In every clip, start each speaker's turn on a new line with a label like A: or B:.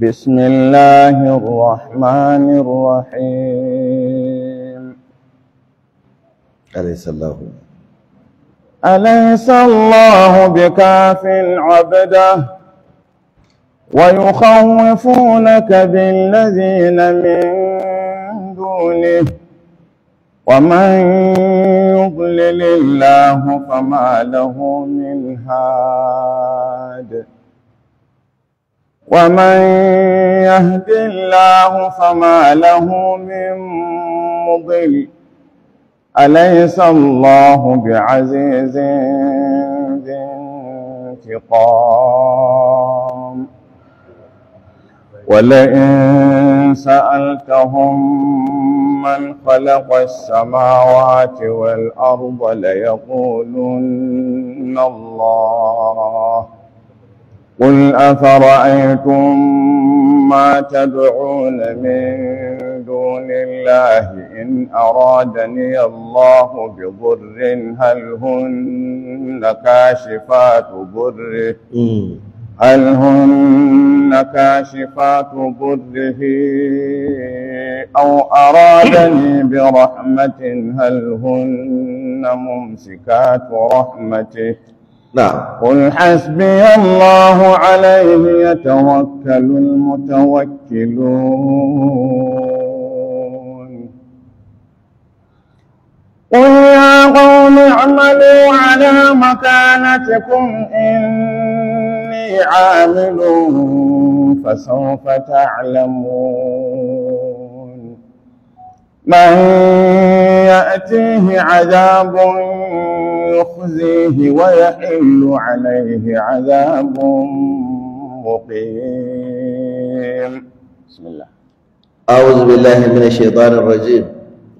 A: بسم الله الرحمن الرحيم أليس الله أليس الله بكاف عبده ويخوفونك بالذين من دونه ومن يضلل الله فما له من هاد ومن يهد الله فما له من مضل أليس الله بعزيز ذي انتقام ولئن سألتهم من خلق السماوات والأرض ليقولن الله قل أفرأيتم ما تدعون من دون الله إن أرادني الله بضر هل هن كاشفات ضره هل هن كاشفات ضره أو أرادني برحمة هل هن ممسكات رحمته نعم قل حسبي الله عليه يتوكل المتوكلون قل يا قوم اعملوا على مكانتكم إني عامل فسوف تعلمون من يأتيه عذاب يخزيه ويحل عليه عذاب مقيم بسم الله
B: أعوذ بالله من الشيطان الرجيم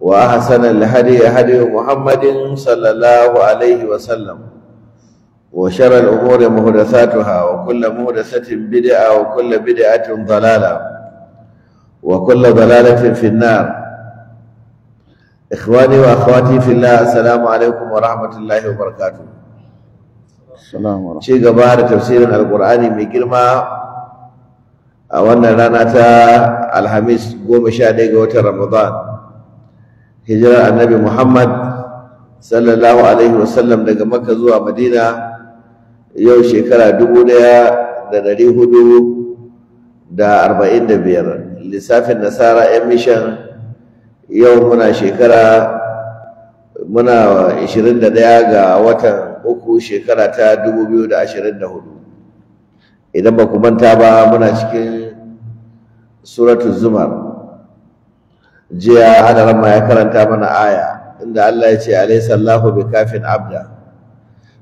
B: وأحسن الهدي هدي محمد صلى الله عليه وسلم وشر الأمور محدثاتها وكل محدثة بدعة وكل بدعة ضلالة وكل ضلالة في النار إخواني وأخواتي في الله السلام عليكم ورحمة الله وبركاته السلام ورحمة شيء قبار تفسير القرآن من جرمه a wannan rana ta alhamis goma sha ɗaya ga watan ramadan hijirar annabi Muhammad sallallahu alaihi wasallam daga Makka zuwa Madina yau shekara dubu ɗaya da ɗari hudu da arba'in da biyar lissafin nasara yan mishan yau muna shekara muna ishirin da ɗaya ga watan uku shekara ta dubu biyu da ashirin da hudu idan ba ku manta ba muna cikin suratul zumar jiya hada ramma ya karanta mana aya inda Allah ya ce alaysa Allahu bikafin abda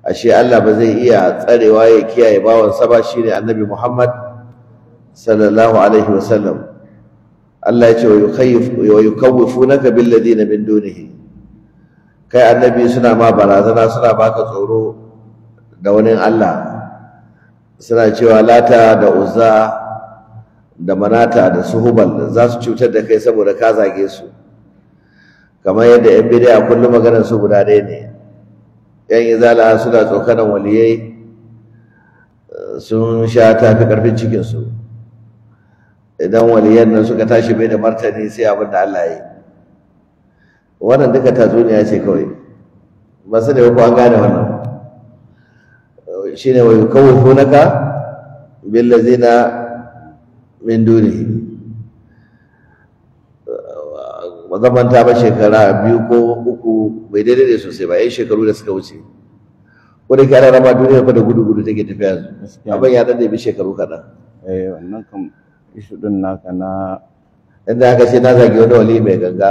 B: ashe Allah ba zai iya tsarewa ya kiyaye bawan sa ba shine annabi Muhammad sallallahu alaihi wasallam Allah ya ce wa yukhayif wa yukawwifunaka bil ladina min dunihi kai annabi suna ma barazana suna baka tsoro da wani Allah suna cewa lata da uzza da manata da suhubal za su cutar da kai saboda ka zage su kamar yadda yan a kullum maganar su guda ɗaya ne yan izala suna tsokanan waliyai sun sha tafi karfin cikinsu idan waliyan nan suka tashi bai da martani sai abin da Allah ya yi wannan duka tatsuniya ce kawai ba su da ko an gane wannan shine wa yukawwifunaka billazina min zaman ta ba shekara biyu ko uku bai daidai da sosai ba yan shekaru da suka wuce
A: ko da ke ana rama duniya ko
B: da gudu gudu take tafiya abin ya dan bi shekaru kaɗan eh wannan kam isu din naka na inda aka ce na zagi wani wali mai ganga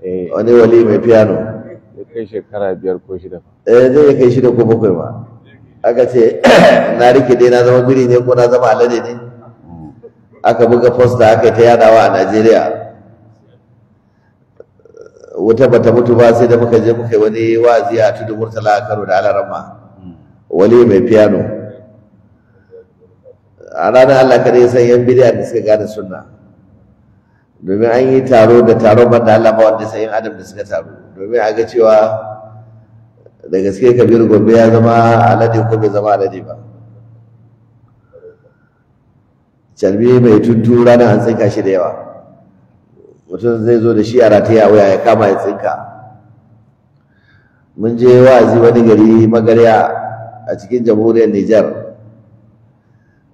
B: eh. wani wali mai piano ya kai shekara biyar ko shida eh zai kai shida ko bakwai ba aka ce na rike dai na zama biri ne ko na zama alade ne aka buga fosta aka ta yadawa a najeriya wata bata mutu ba sai da muka je muka yi wani wazi a tudu murtala a kano da alarama wali mai piano a ranar allah kada ya san yan bidiya da suka gane sunna domin an yi taro da taron banda allah ba wanda sayin adam da suka taro domin a ga cewa da gaske kabiru gombe ya zama alade ko bai zama alade ba calbi mai tuntu rana an tsinka shi da yawa mutum zai zo da shi a rataya waya ya kama ya tsinka mun je wa'azi wani gari magarya a cikin jamhuriyar Nijar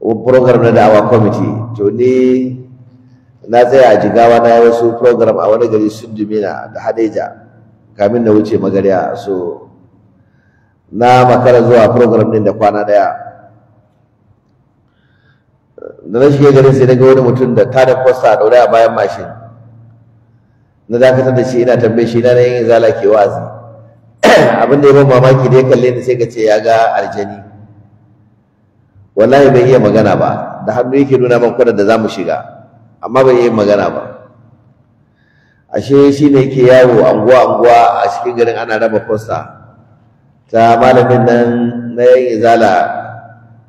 B: program na da'awa kwamiti. to ni na tsaya a jigawa na yi wasu program a wani gari sun dumina, da hadeja kamin na wuce magarya so na makara zuwa program din da kwana ɗaya. da na shige garin sai na ga wani mutum da da kwasta a ɗaure a bayan mashin na dakatar da shi ina tambaye shi na yin zala ke wa'azi abin da ya ban mamaki da ya kalle ni sai ka ce ya ga aljani wallahi bai iya magana ba da hannu yake nuna man kwanar da za mu shiga amma bai iya magana ba ashe shi ne yake yawo anguwa anguwa a cikin garin ana raba kwasta ta malamin nan na yin zala.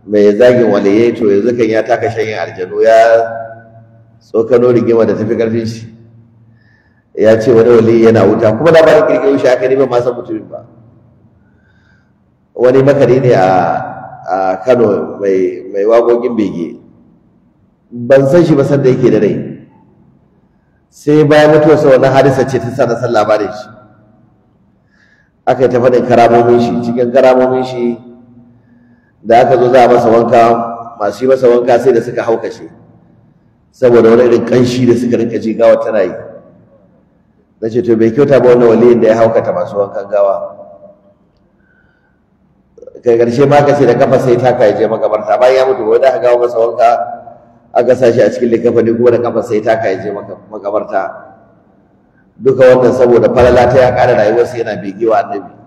B: mai zagin waliyai to yanzu kan ya taka shanyin aljanu ya tsokano rigima da tafi karfin shi ya ce wani wali yana wuta kuma da ba da kirkiro shi aka neman san mutumin ba wani makari ne a kano mai wagogin bege ban san shi ba sanda yake da rai sai bayan mutuwar sa wannan hadisa ce ta sa na san labarin shi aka yi ta karamomin shi cikin karamomin shi da aka zo za a masa wanka masu yi masa wanka sai da suka haukace saboda wani irin kanshi da suka rinka ji gawa tana yi na ce to bai kyauta ba wani waliyin da ya haukata masu wankan gawa kai karshe ma ka ce da kafa sai taka ya je makabarta bayan ya mutu wanda aka gawo masa wanka aka sa shi a cikin likafani kuma da kafa sai taka ya je makabarta duka wannan saboda falala ta ya kara rayuwarsa yana bigewa annabi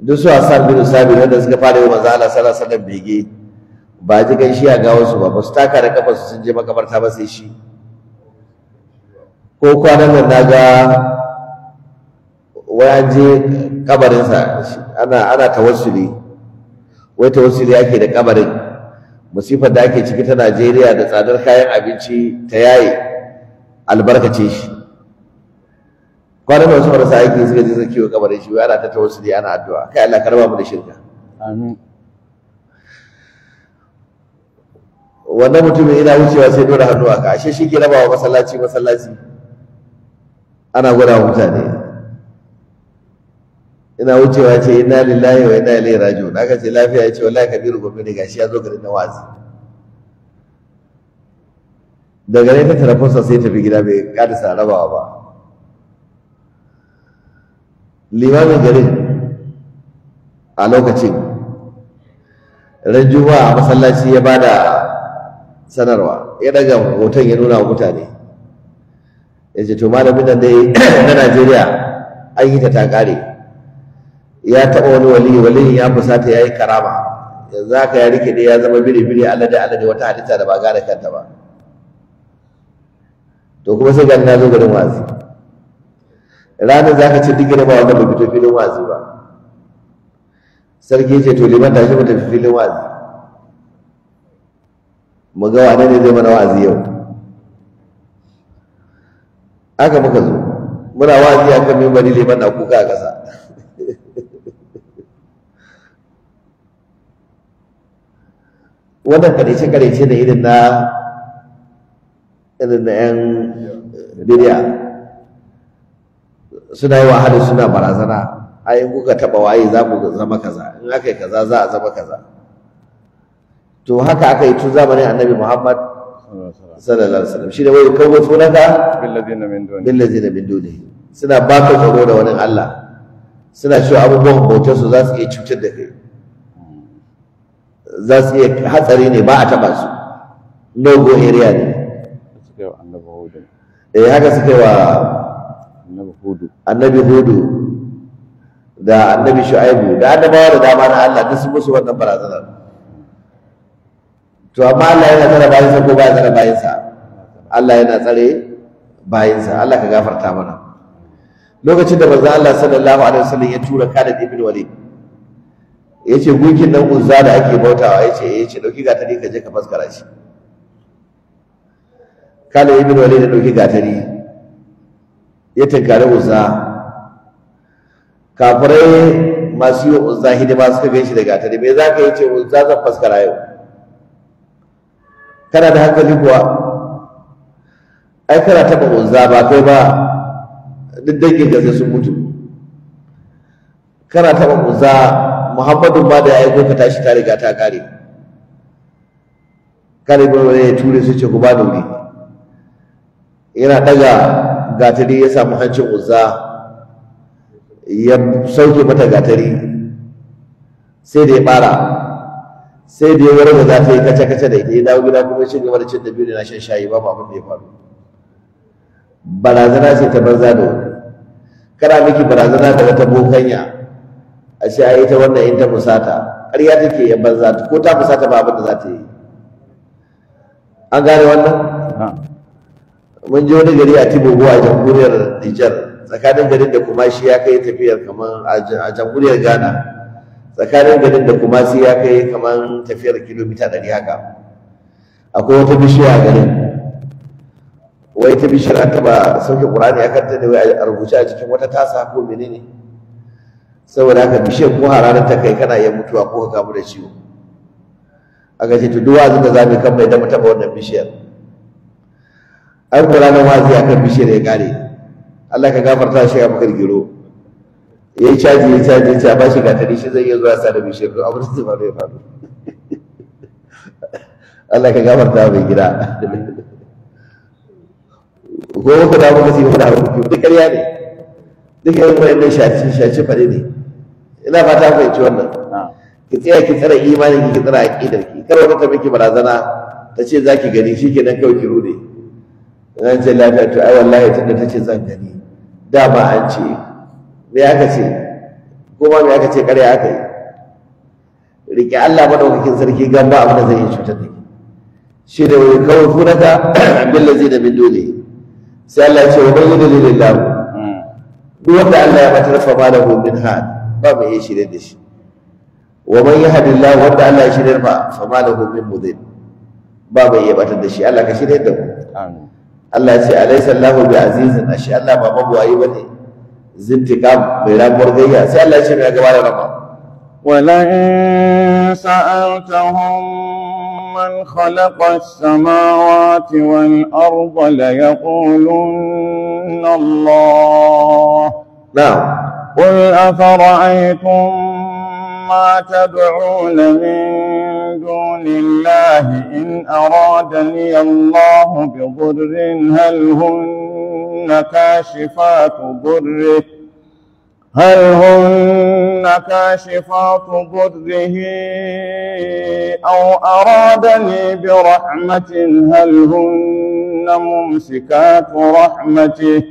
B: duk su Hassan bin sabi wanda suka fara yi manzo Allah sallallahu alaihi wasallam bege ba ji gan shi a gawo su ba su taka da kafa su sun je makabarta ba sai shi ko kwanan nan na ga wai an je kabarinsa ana ana tawassuli wai tawassuli ake da kabarin musifar da ake ciki ta Najeriya da tsadar kayan abinci ta yaye albarkace shi kwanan da wasu marasa aiki suka je suka kiwo kabarin shi ana ta tawassuli ana addu'a kai Allah ka raba mu da shirka amin wannan mutumin ina wucewa sai dora hannu a ka ashe shi ke raba wa masallaci masallaci ana gwada mutane ina wucewa ce inna lillahi wa inna ilaihi raji'un aka ce lafiya ya ce wallahi kabiru gobe ne gashi ya zo garin na wazi daga ne ta tarafinsa sai tafi gida bai kada sa rabawa ba limamin garin a lokacin rajuwa a masallaci ya bada sanarwa ya daga hoton ya nuna wa mutane ya ce to malamin nan dai na najeriya an yi ta ta kare ya taɓa wani wali wali ya fusata ya yi karama yanzu haka ya rike ya zama biri-biri alade alade wata halitta da ba gane kanta ba to kuma sai ga na zo garin wazi ranar za ka ce duk gina ba wanda ba fito filin wazi ba sarki ce to liman tashi mu tafi filin wazi mu ga wane ne zai mana wazi yau aka muka zo muna wazi a kan mimbari liman na kuka a ƙasa wannan karece-karece da irin na irin na 'yan bidiya suna yi wa wahala suna barazana ai in kuka taba waye za ku zama kaza in aka yi kaza za a zama kaza to haka aka yi tun zamanin annabi muhammad sallallahu alaihi wasallam da wai kawo sunaka billazina min duni billazina min duni suna baka tsaro da wani Allah suna cewa abubuwan bautar su za su iya cutar da kai za su iya hatsari ne ba a taba su no go area ne eh haka suke yi wa hudu annabi hudu da annabi shu'aibu da annabawa da dama na Allah duk sun musu wannan barazanar to amma Allah yana tsare bayinsa ko baya tsare bayinsa Allah yana tsare bayinsa Allah ka gafarta mana lokacin da manzo Allah sallallahu alaihi wasallam ya tura Khalid ibn Walid yace gunkin nan Uzza da ake bautawa yace eh, yace dauki gatari ka je ka faskara shi Khalid ibn Walid da dauki gatari ya tunkari uzza kafirai masu yi uzza hidima suka gan shi daga tare mai za ka yi ce uzza zan faskara yau kana da hankali kuwa ai kana taɓa uzza ba kai ba duk dangin da sai sun mutu kana taɓa uzza Muhammadu ba da ya aiko ka tashi ta riga ta kare kare ba ya ture su ce ku ba da wuri yana ɗaga gatari ya samu hancin uzza ya sauke mata gatari sai da ya bara sai da ya da za ta yi kace-kace da ita ya dawo gida kuma shi gaba da cin da biyu da na shan shayi babu abin da ya faru barazana ce ta banza da wani kana miki barazana da wata bokanya a ce ai ta wannan in ta musata ƙarya take ya banza ko ta musata ba abin da za ta yi an gane wannan mun ji wani gari a tibogo a jamhuriyar Niger, tsakanin garin da kuma shi ya kai tafiyar kamar a jamhuriyar ghana tsakanin garin da kuma shi ya kai kamar tafiyar kilomita ɗari haka akwai wata bishiya a garin wai ta bishiyar an taɓa sauke ƙur'ani a kanta wai a rubuce a cikin wata tasa ko menene saboda haka bishiyar ko hararar ta kai kana iya mutuwa ko ka kamu da ciwo A gaji to duk wazin da za mu kan mai da mu taɓa wannan bishiyar ai kula na wazi kan bishiyar ya gare Allah ka gafarta shi a bakar giro ya yi caji ya caji ya ba shi gatari shi zai iya zuwa sa da bishiyar don abin su faru faru Allah ka gafarta mai gida gobe ku dawo kasi yi dawo ku duk ƙarya ne duk irin wayannan shaci shaci fare ne ina fata ku fahimci wannan ki tsaya ki tsara imanin ki ki tsara aqidar ki kar wata ta miki barazana ta ce zaki gani shi nan kawai ki rude zan ce lafiya to ai wallahi tun da ta ce zan gani dama an ce me aka ce kuma me aka ce ƙarya aka yi riƙe Allah maɗaukakin sarki gan ba abin da zai yi cutar da shi da wani kawai funaka abin da zai da min dole sai Allah ya ce wa da dalilin lahu duk wanda Allah ya batar fa ma da gobin ha, ba mai yi shirye da shi wa man yahdillahu wanda Allah ya shirye fa fa ma lahu min mudil ba mai yi batar da shi Allah ka shirye da mu amin Allah ce alaysa Allahu bi azizin ashi Allah ba mabuwayi bane zintiqam mai ramuwar gayya sai Allah ce mai gaba da rama ولئن سألتهم
A: من خلق السماوات والأرض ليقولن الله نعم قل أفرأيتم ما تدعون من دون الله إن أرادني الله بضر هل هن كاشفات ضره هل هن كاشفات ضره أو أرادني برحمة هل هن ممسكات رحمته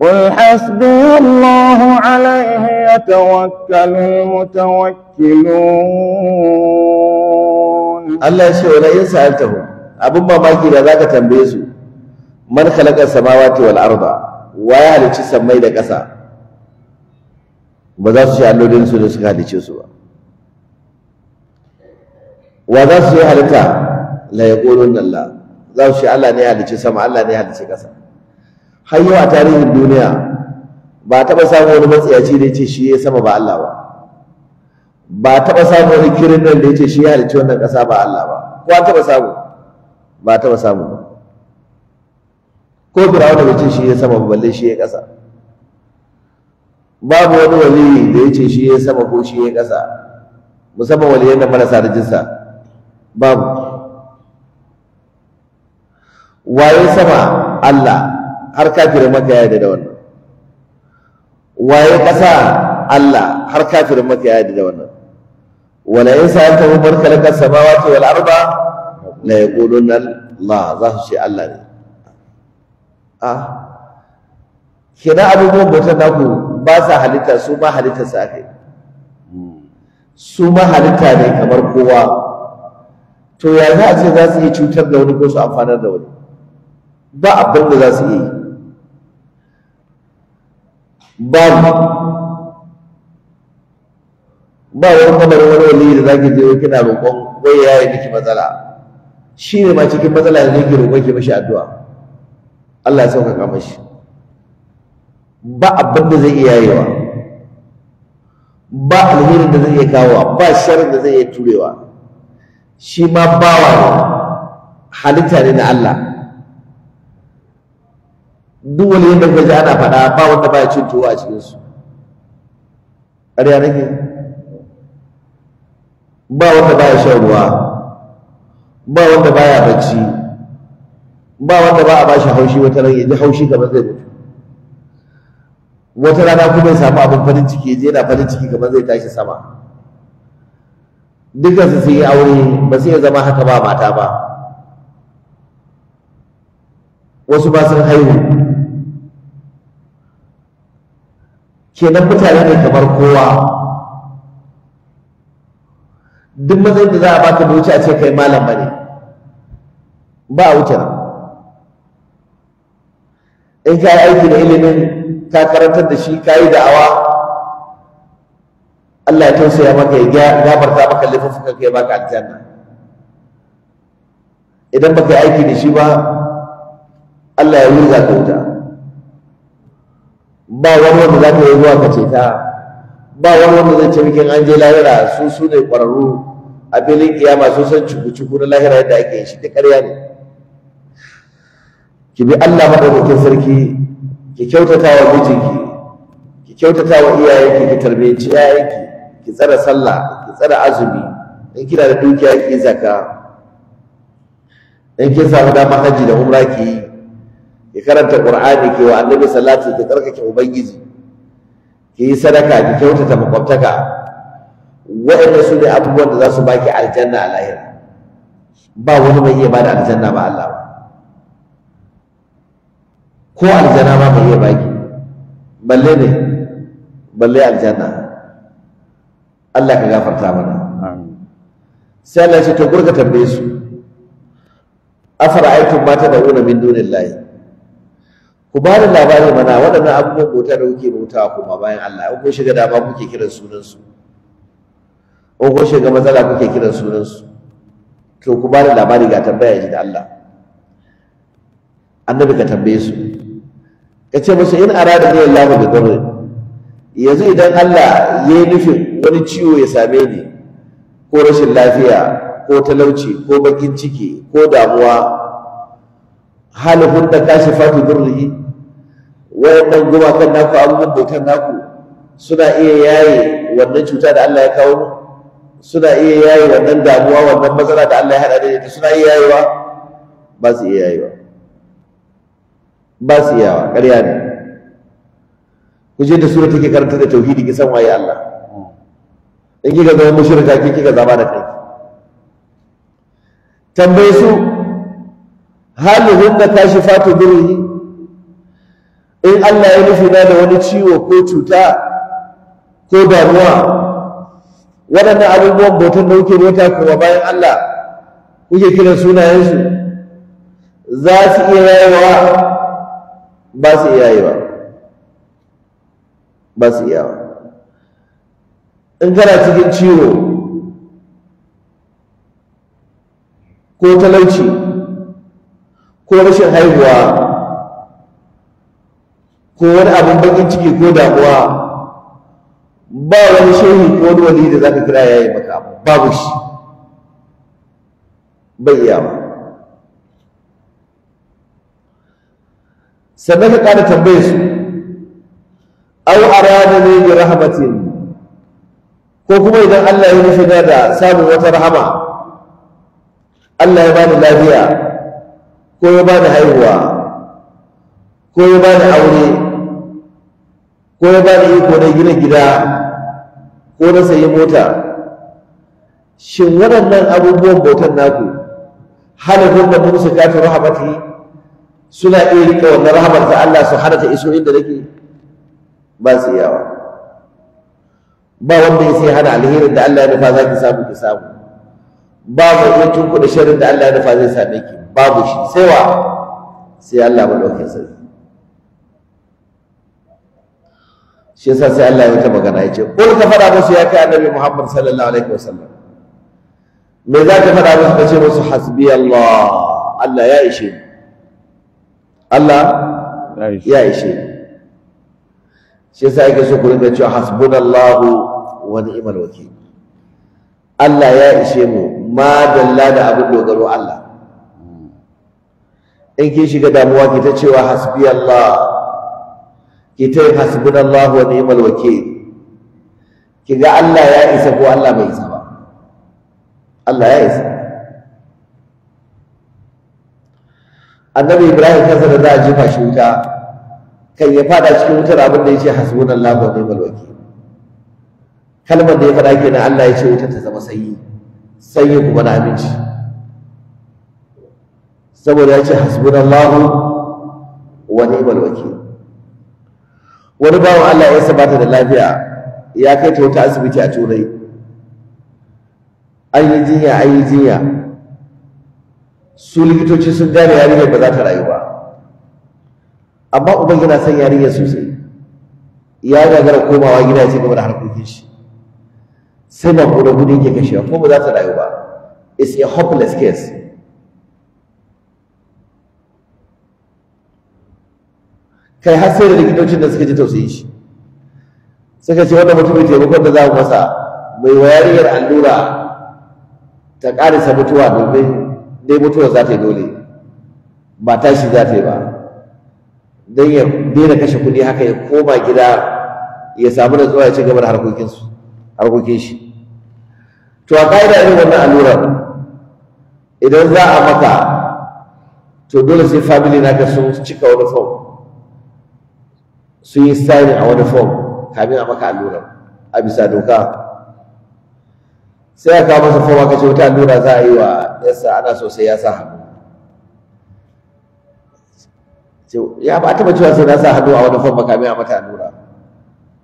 A: قل حسبي الله عليه يتوكل المتوكلون
B: Allah ya ce wala in sa'altahu abin mamaki da zaka tambaye su man khalaqa samawati wal arda wa ya halici samai da ƙasa ba za su ce allolin su da suka halice su ba wa za su yi halitta la ya yaqulun Allah za su ce Allah ne ya halicci sama Allah ne ya halicci ƙasa har a tarihin duniya ba taɓa samun wani matsayaci da ya ce shi ya sama ba Allah ba ba taɓa samu wani kirin nan da ya ce shi ya halicci wannan ƙasa ba Allah ba ko an taɓa samu ba taɓa samu ba ko firawuna bai ce shi ya sama ba balle shi ya ƙasa babu wani wali da ya ce shi ya sama ko shi ya ƙasa musamman waliyan da marasa rajista babu waye sama Allah har kafirin maka ya yarda da wannan waye ƙasa Allah har kafirin maka ya yarda da wannan walayin sa ta umar kalakar samawati wal arba la yaqulun Allah za su ce Allah ne a kina abubuwan bautar naku ba sa halitta su ma halitta sa aka su ma halitta ne kamar kowa to ya za a ce za su iya cutar da wani ko su amfanar da wani ba abin da za su iya yi Ba. ba wani kamar wani wani da zaki je kina roƙon wai ya yi miki matsala shi ne ma cikin matsala da ke roƙon ki mashi addu'a Allah ya sauƙaƙa mashi ba abin da zai iya yawa ba alherin da zai iya kawowa ba sharrin da zai iya turewa shi ma bawa ne halitta ne na Allah duk wani yadda gaji ana faɗa ba wanda ba ya cin tuwo a cikinsu ƙarya nake ba wanda baya shan ruwa ba wanda baya bacci ba wanda ba a bashi haushi wata ya yaji haushi kamar zai mutu wata rana kuma ya samu abin farin ciki ya je yana farin ciki kamar zai tashi sama dukkan su sun yi aure ba su ya zama haka ba mata ba wasu ba sun haihu kenan mutane ne kamar kowa duk matsayin da za a baka da wuce a ce kai malam bane ba a wuce in ka yi aiki da ilimin ka karantar da shi ka yi da'awa Allah ya tausaya maka ya gafarta maka suka kai baka aljanna idan ka yi aiki da shi ba Allah ya wurga ka wuta ba wani wanda za ka yi zuwa ka ce ta ba wani wanda zai ce mikin an je lahira su su ne ƙwararru a filin kiyama sun san cuku-cuku na lahira yadda ake yin shi ta ƙarya ne ki bi Allah maɗaukakin sarki ki kyautata wa mijinki ki kyautata wa iyayenki ki tarbiyyanci iyayenki ki tsara sallah ki tsara azumi in kina da dukiya ki zaka in kin samu dama hajji da umra ki yi ki karanta qur'ani ki wa annabi salati ki tsarkake ubangiji ki yi sadaka ki kyautata makwabtaka waɗanda su ne abubuwan da za su baki aljanna a lahira ba wani mai iya bada aljanna ba Allah ba ko aljanna ba mai iya baki balle ne balle aljanna Allah ka gafarta mana sai Allah ya ce to gurka tambaye su afara'aytum ma tad'una min dunillahi ku ba da labarin mana waɗannan abubuwan bauta da kuke bautawa kuma bayan Allah ko shiga shiga ba kuke kiran sunansu ko ko shiga matsala kuke kiran sunansu to ku ba da labari ga tambaya ji da Allah annabi ka tambaye su ka ce musu in arada ne Allah da dare yanzu idan Allah ya yi nufin wani ciwo ya same ni ko rashin lafiya ko talauci ko bakin ciki ko damuwa halihun da kashi fatu durrihi wayannan gumakan naku abubuwan bautan naku suna iya yaye wannan cuta da Allah ya kawo mu suna iya yayi wannan damuwa wannan matsala da Allah ya hada da ita suna iya yayewa ba su iya yayewa ba su iya iyawa ƙarya ne ku je da sura take karanta da tauhidi ki san waye Allah in kika zama mushrika ki kika zama da kai tambaye su hal hunna kashifatu dhurri in Allah ya nufi na da wani ciwo ko cuta ko damuwa waɗannan abubuwan botun da kuke bauta kuma bayan Allah kuke kiran sunayensu za su iya yayewa ba su iya yayewa ba su iya in kana cikin ciwo ko talauci ko rashin haihuwa ko wani abin bakin ciki ko damuwa ba wani shehi ko wani wali da zaka kira yayi maka babu shi bai iya ba sannan ka kada tambaye su aw arada ne bi rahmatin ko kuma idan Allah ya nufi da samun wata rahama Allah ya bani lafiya ko ya bani haihuwa ko ya bani aure ko ya bani iko na gina gida ko na sayi mota shin waɗannan abubuwan bautan naku halafin da musu kafin rahamati suna iya riƙe wannan rahamar ta Allah su hana ta iso inda nake ba su yawa ba wanda ya sai hana alherin da Allah ya nufa za ki samu ki samu ba mai iya tunkuɗa sharrin da Allah ya nufa zai same ki babu shi sai wa sai Allah madaukakin sarki shi yasa sai Allah ya ta magana ya ce kul ka fada musu ya kai annabi Muhammad sallallahu alaihi wasallam me za ka faɗa musu ka ce musu hasbi Allah Allah ya ishe Allah ya ishe shi yasa yake so ku rinka cewa hasbunallahu wa ni'mal wakil Allah ya ishe mu ma dalla da abin dogaro Allah in kin shiga damuwa ki ta cewa hasbi Allah ta yi ita Allah wa ni'mal wakil ga Allah ya isa ko Allah bai isa ba Allah ya isa annabi ibrahim kansa da za a jefa shi wuta kan ya fada cikin wutar abin da ya ce Allah wa ni'mal wakil kalmar da ya faɗa kenan Allah ya ce wutar ta zama sanyi sanyi kuma na aminci saboda ya ce hasbunallahu wa ni'mal wakil wani bawan Allah ya ta da lafiya ya kai ta wata asibiti a turai an yi jinya an yi jinya su likitoci sun gane yarinyar ba za ta rayu ba amma uban yana son yarinyar sosai ya gagara komawa gida ya ce gaba da harkokin shi sai ba gudu gudu yake kashewa ko ba za ta rayu ba it's a hopeless case kai har sai da likitocin da suka ji tausayi shi suka ce wannan mutum ya taimakon da za mu masa mai wayariyar allura ta karisa mutuwa domin dai mutuwa za ta yi dole ba tashi za ta yi ba don ya daina kashe kuɗi haka ya koma gida ya samu da zuwa ya ci gaba da harkokin shi to a ƙa'ida irin wannan allurar idan za a maka to dole sai family naka sun cika wani fom sun yi sani a wani fom kamin a maka allura a bisa doka sai aka masa fom aka ce wata allura za a yi wa yasa ana so sai ya sa hannu ya ba taba cewa sai na sa hannu a wani fom kamin a mata allura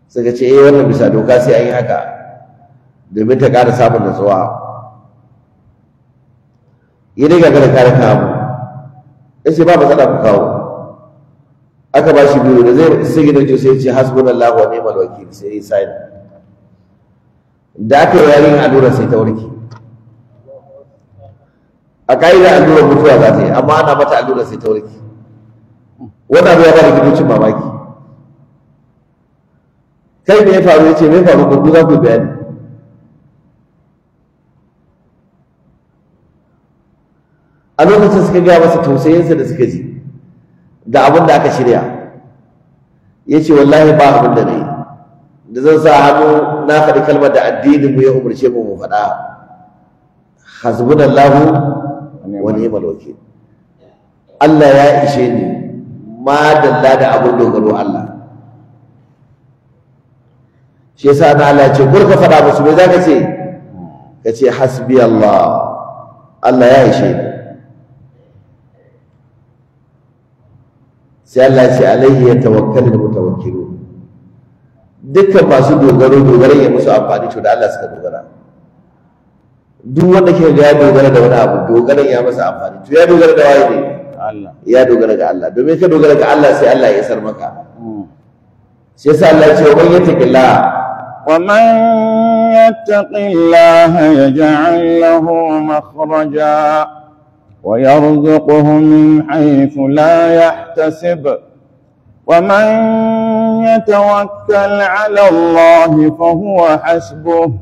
B: sai ka ce eh wannan bisa doka sai an yi haka domin ta ƙara samun natsuwa yi dai gagara kare kawo ya ce ba matsala ku kawo aka ba shi biyu da zai sai gidan jiya sai ce hasbun Allah wa ni'mal wakil sai ya sai da aka yi yarin allura sai ta warke a ka'ida allura mutuwa za ta yi amma ana mata allura sai ta warke wannan abu ya ba da gidan mamaki kai me ya faru ya ce me faru ko za ku bayani a lokacin suka gaya masa tausayinsa da suka ji da abin da aka shirya ya ce wallahi ba abin da na yi da zan sa hannu na faɗi kalmar da addinin mu ya umarce mu mu faɗa hasbunallahu wa ni'mal wakil Allah ya ishe ni ma dalla da abin dogaro Allah shi yasa na Allah ya ce gurka faɗa musu za ka ce ka ce hasbi Allah Allah ya ishe ni sai Allah ya ce alaihi ya tawakkalul mutawakkilu dukkan masu dogaro dogara ya musu amfani to da Allah suka dogara duk wanda ke ga ya dogara da wani abu dogaran ya masa amfani to ya dogara da waye ne Allah ya dogara ga Allah domin ka dogara ga Allah sai Allah ya sar maka hmm. shi yasa Allah ya ce wa yattaqillah
A: wa man yattaqillah yaj'al lahu makhraja ويرزقه من حيث لا يحتسب ومن يتوكل على الله فهو حسبه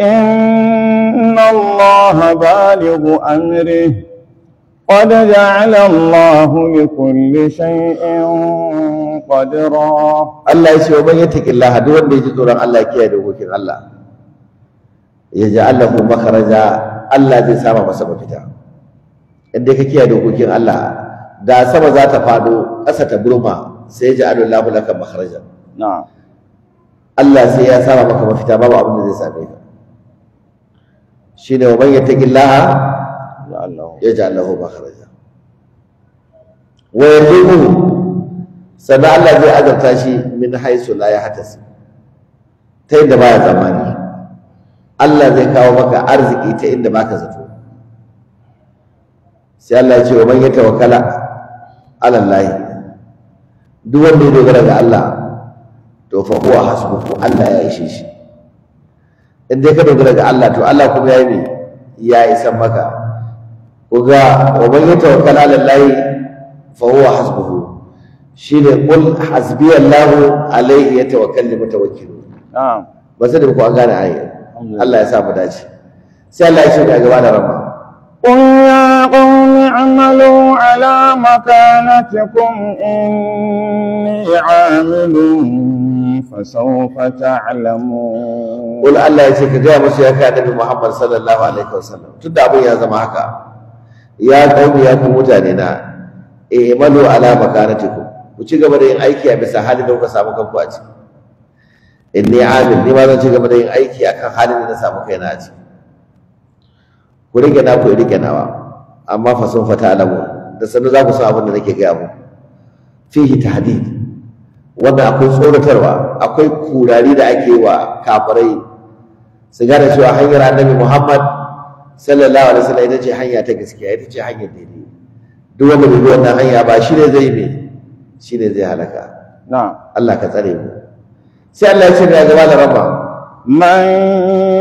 A: إن الله بالغ أمره قد جعل الله لكل شيء قدرا الله يسوى من
B: يتك الله دون بيجدور الله كيد وكيد الله يجعل له مخرجا الله ذي سامة مسبب كتاب inda ka kiyaye dokokin Allah da sama za ta fado ƙasa ta burma sai ji adon laka makharaja Allah sai ya saba maka mafita babu abin da zai same ka shine wa man ya yaj'al lahu makharaja wa yarzuquhu sannan Allah zai azarta shi min haisu la su, ta inda baya zamani Allah zai kawo maka arziki ta inda baka zato sai Allah ya ce wa man ya tawakkala ala Allah duk wanda ya dogara ga Allah to fa huwa hasbuhu Allah ya ishe shi in dai ka dogara ga Allah to Allah kuma ya yi ya isa maka kuga wa man ya tawakkala ala Allah fa huwa hasbuhu shine kul hasbi Allah alayhi yatawakkalu mutawakkilu na'am ba sai da ku an gane ayi Allah ya sa mu dace sai Allah ya ce ga gaba da rama
A: Oh yeah. اعملوا على مكانتكم إني عامل فسوف
B: تعلمون قل الله يسيك جاء مسيح النبي محمد صلى الله عليه وسلم تدعبوا يا زماحك يا قوم يا قوم متاننا اعملوا على مكانتكم وتشيغب دين أيكي بس حالي دوك سابقا بواجه إني عامل لماذا تشيغب دين أيكي أكا حالي دوك سابقا ku rike naku ya rike nawa amma fa sun fata alamu da sannu za ku san abin da nake gaya mu fihi tahdid wannan akwai tsoratarwa akwai kurari da ake wa kafirai su gane cewa hanyar annabi Muhammad sallallahu alaihi wasallam ita ce hanya ta gaskiya ita ce hanyar daidai duk wanda bai bi wannan hanya ba shi ne zai bi shi ne zai halaka na'am Allah ka tsare mu sai Allah ya ce da gaba da rabba
A: من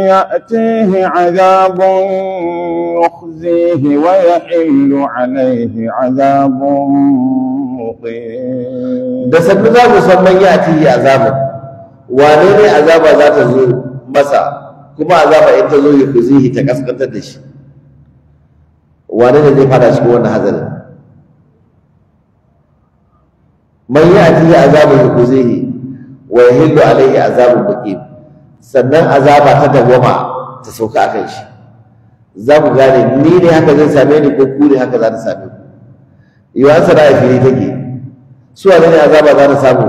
A: يأتيه عذاب يخزيه ويحل عليه عذاب
B: مقيم da sannu za mu san man yati ya azabin wane ne azaba za ta zo masa kuma azaba in ta zo ya kuzihi ta kaskantar da shi wane ne zai fada cikin wannan hazarin man yati ya azabin ya kuzihi wa yahillu alaihi azabun muqim sannan azaba ta dawwama ta sauka a kan shi za mu gane ni ne haka zai same ni ko ku ne haka za ta same ku yiwuwar sana'a fili take su wa ne azaba za ta samu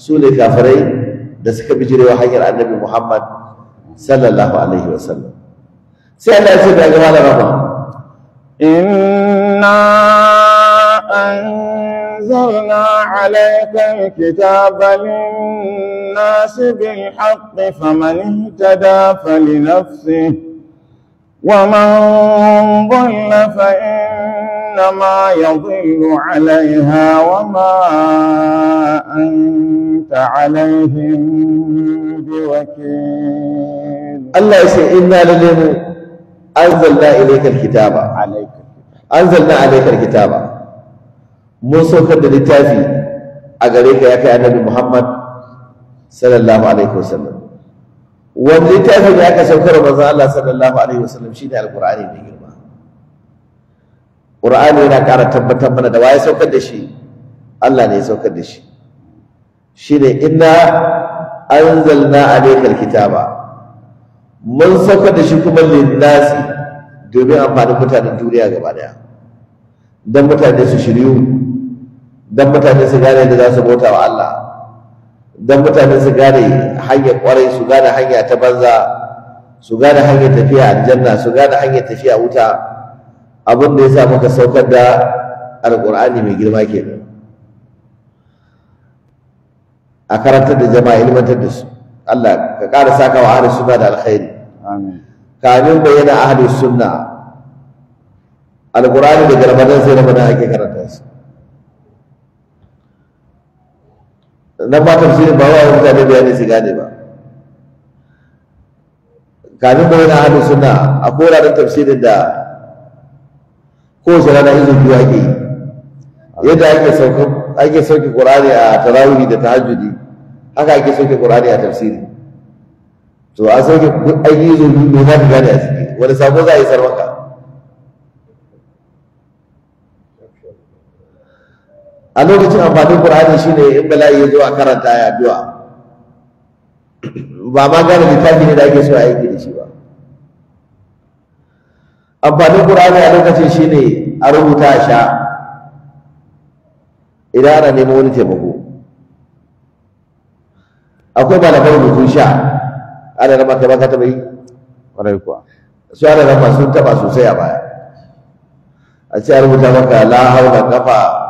B: su ne kafirai da suka bijirewa hanyar annabi muhammad sallallahu alaihi wasallam sai allah ya ce ga gaba da rama inna
A: أنزلنا عليك الكتاب للناس بالحق فمن اهتدى فلنفسه ومن ضل فإنما يضل عليها وما أنت عليهم
B: بوكيل الله يسير إنا لله أنزلنا إليك الكتاب عليك أنزلنا عليك الكتاب mun saukar da littafi a gare ka ya kai annabi Muhammad sallallahu alaihi wasallam wani littafi ne aka saukar manzo Allah sallallahu alaihi wasallam shine alqur'ani mai girma qur'ani yana ƙara tabbatar mana da waye saukar da shi Allah ne ya saukar da shi shine inna anzalna alaykal kitaba mun saukar da shi kuma linnasi domin amfanin mutanen duniya gaba daya dan mutane su shiryu don mutane su gane da za su bauta wa Allah don mutane su gane hanyar kwarai su gane hanya ta banza su gane hanyar tafiya aljanna su gane hanyar tafiya wuta abin da ya sa muka saukar da alƙur'ani mai girma nan, a karantar da jama'a ilmantar da su Allah ka ƙara saka wa ahlus sunna da alkhairi amin kamin bayyana ahlus sunna alqur'ani da garbadan sai na bada ake karanta su nan ba tafsirin ba wa mutane bayani su gane ba kamin bayan ahalin suna a da tafsirin da kowace rana izu biyu ake yi yadda ake sauka ake sauke qur'ani a tarawih da tahajjudi haka ake sauke qur'ani a tafsiri to a sauke aiki izu biyu ne za ka gane a ciki wani sabo za a yi sarwaka a lokacin amfanin shi ne, in bala'i ya zo a karanta ya duwa
A: ba ma gane littafi ne da ake so a yi
B: da shi ba amfanin qur'ani a lokacin ne a rubuta a sha idan ana neman wani taimako akwai malamai rubutu sha ana rama kai baka taɓa yi ƙwarai kuwa su ana rama sun taɓa sosai a baya a ce a rubuta maka la da kafa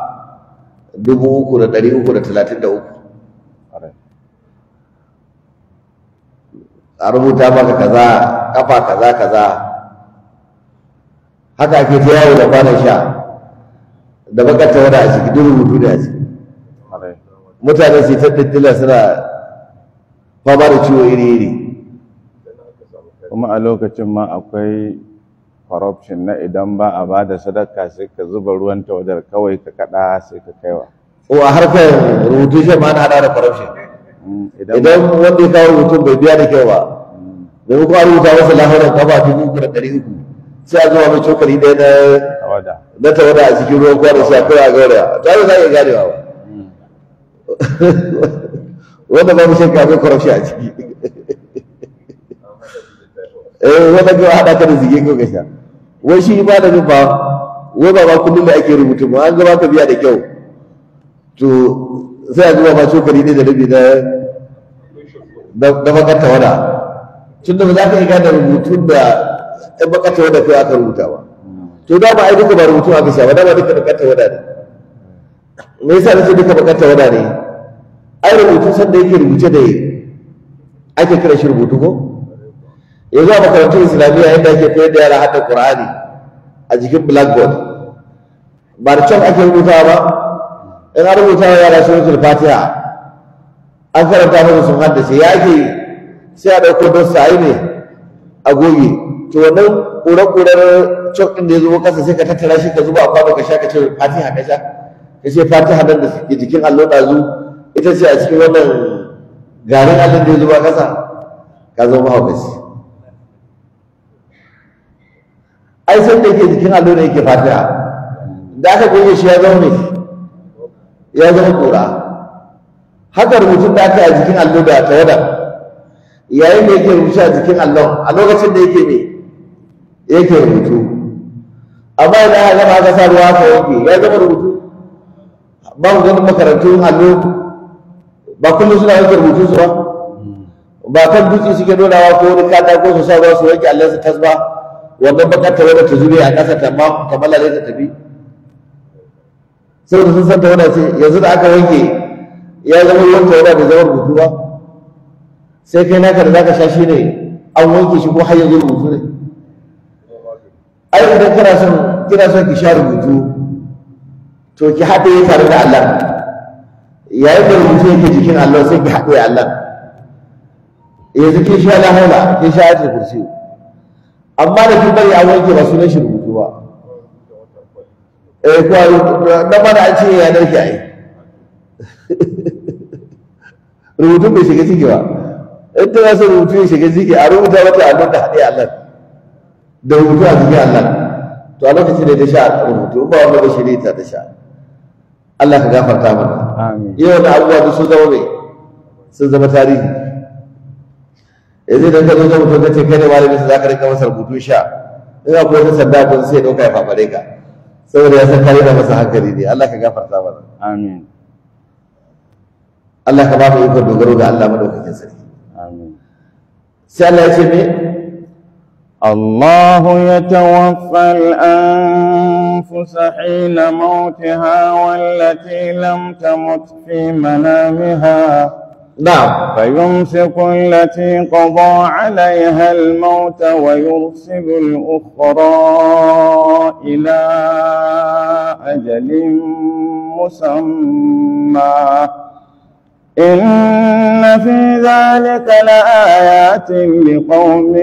B: dubu uku da ɗari uku da talatin da uku a rubuta maka kaza kafa kaza kaza haka ake ta yawo da kwana sha da bakar wada a ciki duk rubutu da a ciki mutane su ta diddila suna fama da
A: ciwo iri-iri kuma a lokacin ma akwai corruption na idan ba a ba da sadaka sai ka zuba ruwan tawadar kawai ka kada sai ka kaiwa
B: o a harkar rubutu shi ma na hada da corruption mm, idan wanda ya kawo mutum bai biya da kyau ba da mm. kuma a rubuta wasu lahorar kafa dubu uku da ɗari uku sai a zuba mai cokali ɗaya na na tawada a cikin ruwan kwano sai a kawai a gauraya ta yi za ka iya ba mm. wanda ba mu shakka akwai corruption a ciki eh wanda ga hada ka da zige ko ka sha wai shi da nufa wai ba ba kullum da ake rubutu ba an gaba ka biya da kyau to sai a zuwa ma cokali ne da rubi na na wada tun tunda ba za ka iya gane rubutun da ɗan bakar wada kai aka rubuta ba to da ba ai duka ba rubutu a bisa ba da ba duka bakar wada ne me yasa nace duka bakar wada ne ai rubutu sanda yake rubuce da ake kira shi rubutu ko yanzu a makarantun islamiyya inda ake koyar da yara hadda qur'ani a jikin blackboard ba da can ake rubuta ba in an rubuta wa yara fatiha an karanta musu sun haddace ya ake sai a ɗauko don sa ne a goge to wannan ƙure ƙurar cok ɗin da ya zuba ƙasa sai ka tattara shi ka zuba a kwano ka sha ka ce fatiha ka sha ka ce fatiha nan da ke jikin allo ɗazu ita ce a cikin wannan garin allon da ya zuba ƙasa ka zama mahaukaci ai san da yake jikin allo ne yake fatiya da aka koyi shi ya zama ne ya zama kura haka rubutun da aka yi a jikin allo da yada yayin da yake rubutu a jikin allon a lokacin da yake ne yake rubutu amma idan aka gama aka sa ruwa ka wanke ya zama rubutu ba mu gani makarantun allo ba kullum suna wanke rubutu su ba ba kan dutse suke donawa ko wani ko su sa ruwa su yanke allo su tasba wannan bakar tawada ta zube a ƙasa ta kamala zai ta tafi saboda sun san tawada sai yanzu da aka wanke ya zama ruwan tawada bai zama rubutu ba sai kai naka da zaka sha shi ne an wanke shi ko har yanzu rubutu ne ai idan kana son kina son ki sha rubutu to ki haɗe tare da Allah yayin da rubutu yake jikin Allah sai ki haɗe Allah yanzu kin sha la haula kin sha ayatul kursiyu amma da kin bari an wanke ba sunan shi rubutu ba eh kuwa na mana a ce ya narke ai rubutun bai shiga ciki ba in ta rasa rubutu ya shiga ciki a rubuta wata allon da haɗe nan da rubutu a a nan to a lokaci da ta sha rubutu ba wanda ba shirya ta ta sha Allah ka gafarta mana yau da abubuwa da sun zama mai sun zama tarihi yanzu idan ka zo ka mutum ka ce kai ne malamin sa za ka rika masa rubutun sha in akwai wata sanda ko sai ɗauka ya fafare ka saboda ya san kare da masa hankali ne Allah ka gafarta mana amin Allah ka ba mu ikon dogaro ga Allah madaukakin sarki amin
A: sai Allah ya ce me الله يتوفى الأنفس حين موتها والتي لم تمت في منامها نعم فيمسك التي قضى عليها الموت ويرسل الأخرى إلى أجل مسمى إن في ذلك لآيات لقوم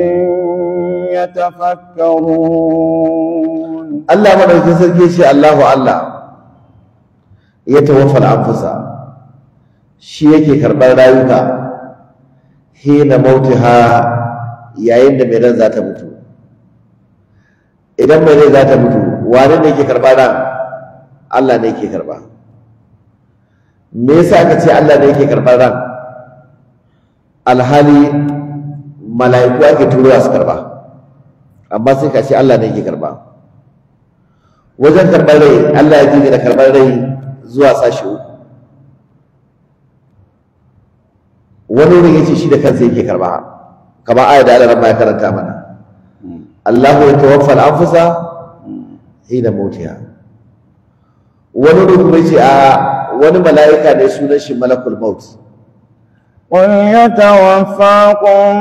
A: يتفكرون
B: الله من شيء الله الله يتوفى الأنفسهم shi yake karɓar rayuka hina ha yayin da mai za ta mutu idan mai za ta mutu wane ne ke karɓa ran Allah ne ke karɓa me yasa ka ce Allah ne ke karɓar ran alhali mala'iku ake turowa su karɓa amma sai ka ce Allah ne ke karɓa wajen karɓar rai Allah ya jini da karɓar rai zuwa sashi uku wani wurin yace shi da kansa yake karba kamar ayat da Allah ya karanta mana Allahu yatawaffa al-anfusa hina mautiha wani wurin kuma yace a wani mala'ika ne sunan shi malakul maut
A: qul yatawaffakum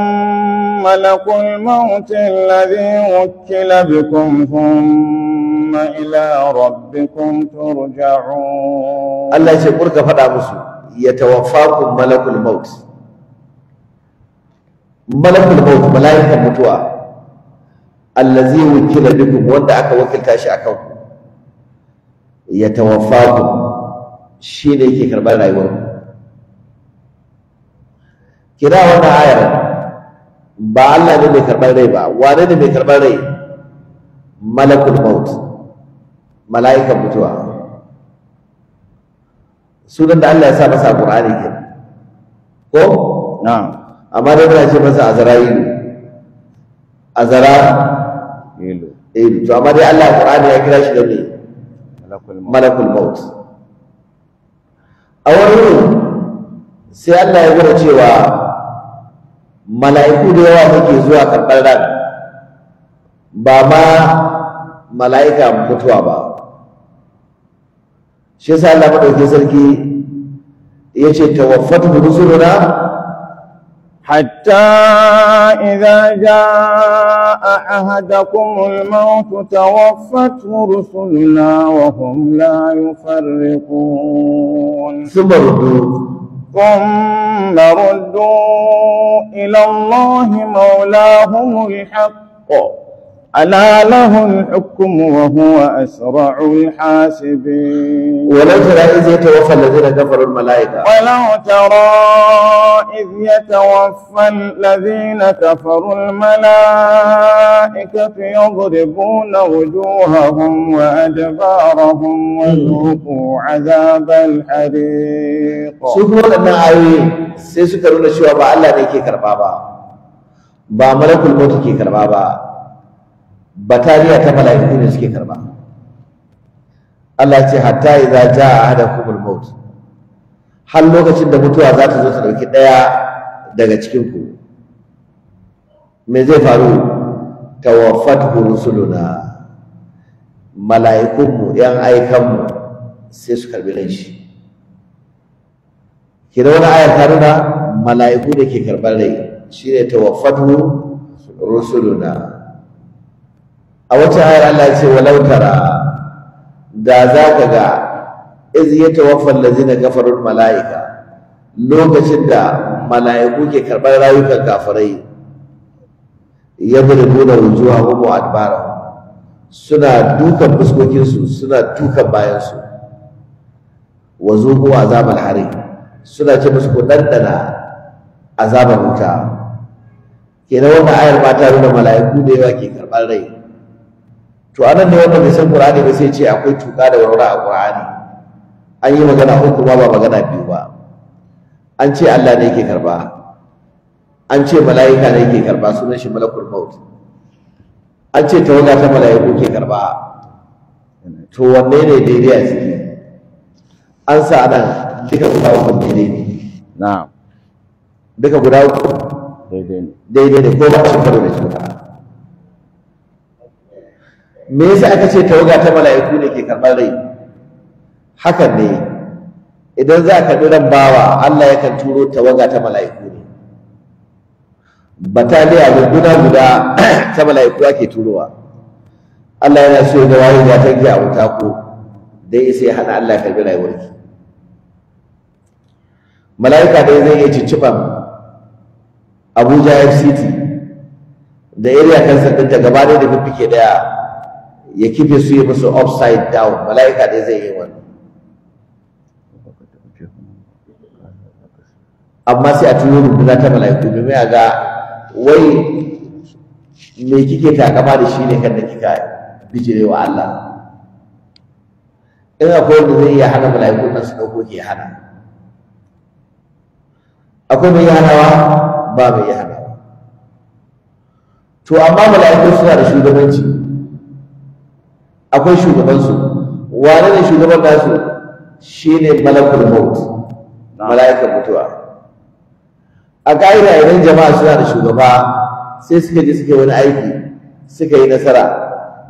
A: ملك الموت الذي وكل بكم
B: ثم إلى ربكم ترجعون الله يقول كفر مسلم يتوفاكم ملك الموت malakul maut mala'ikan mutuwa allazi wukila bikum wanda aka wakilta shi akan ku ya ku shi ne yake karɓar rayuwar kira wannan ayar ba Allah ne mai karɓar rai ba wane ne mai karɓar rai malakul maut mala'ikan mutuwa sunan da Allah ya sa masa alqur'ani ke ko na'am amma dai muna ce masa azra'ilu azra ilu ilu to amma dai Allah Qur'ani ya kira shi da me malakul maut a wurin sai Allah ya gura cewa
A: mala'iku da yawa suke zuwa karɓar ran
B: ba ma mala'ika mutuwa ba shi yasa Allah madaukakin sarki ya yace tawaffatu rusuluna حتى
A: إذا جاء أحدكم الموت توفته رسلنا وهم لا يفرقون ثم ردوا ثم ردوا إلى الله مولاهم الحق ألا له الحكم وهو أسرع الحاسبين ولو ترى إذ يتوفى
B: الذين كفروا الملائكة
A: ولو ترى إذ يتوفى الذين كفروا الملائكة يضربون وجوههم وأدبارهم وذوقوا عذاب الحريق شكرا لنا آيين
B: سيسكرون الشوابا الله نيكي كربابا با ملك الموت كي كربابا batariya ta mala'iku ne suke karba Allah ya ce hatta idza jaa ahadakumul maut har lokacin da mutuwa za ta zo ta dauki daya daga cikin ku me zai faru tawaffatu rusuluna mala'ikunmu yan aikanmu sai su karbi ran shi kira wani ayar ta nuna mala'iku da ke karban rai shine tawaffatu rusuluna a wata hayar Allah ce walau tara da za ka ga wafan da zina kafar malaika lokacin da mala'iku ke karɓar rayukan kafirai wujuwa gugu a adbarahum suna dukan fuskokinsu suna dukan bayansu wa zuqu azabal hari suna ce musu ku dandana azabar wuta kenan wannan ayar ba ta nuna mala'iku da yawa ke karɓar rai to anan ne wanda bai san qur'ani ba sai ce akwai tuka da warwara a qur'ani an yi magana uku ba ba magana biyu ba an ce Allah ne yake karba an ce mala'ika ne yake karba sunan shi malakul maut an ce tawaga ta mala'iku ke karba to wanne ne daidai a ciki an sa anan duka guda uku daidai ne na'am duka guda uku daidai ne daidai ne ko ba shi karo da juna me yasa aka ce tawaga ta mala'iku ne ke karɓar rai hakan ne idan za ka ran bawa Allah yakan turo tawaga ta mala'iku ne bataliya runduna guda ta mala'iku ake turowa Allah yana so ga wani ya tanki a wuta ko dai sai hana Allah karbi rayuwarki mala'ika dai zai iya cicciban Abuja FCT da area kansa ɗinta gaba ɗaya da fiffike ɗaya ya kife su yi musu upside down mala'ika dai zai yi wani amma sai a turo rubuta ta mala'iku domin a ga wai me kike takama da shi ne kan da kika bijire wa Allah in akwai wanda zai iya hana mala'iku nan su ɗauko ke hana akwai mai hanawa ba mai hanawa to amma mala'iku suna da shugabanci akwai shugabansu wane ne shugaban nasu shine malakul maut mala'ikar mutuwa a ka'ida idan jama'a suna da shugaba sai suka je suka wani aiki suka yi nasara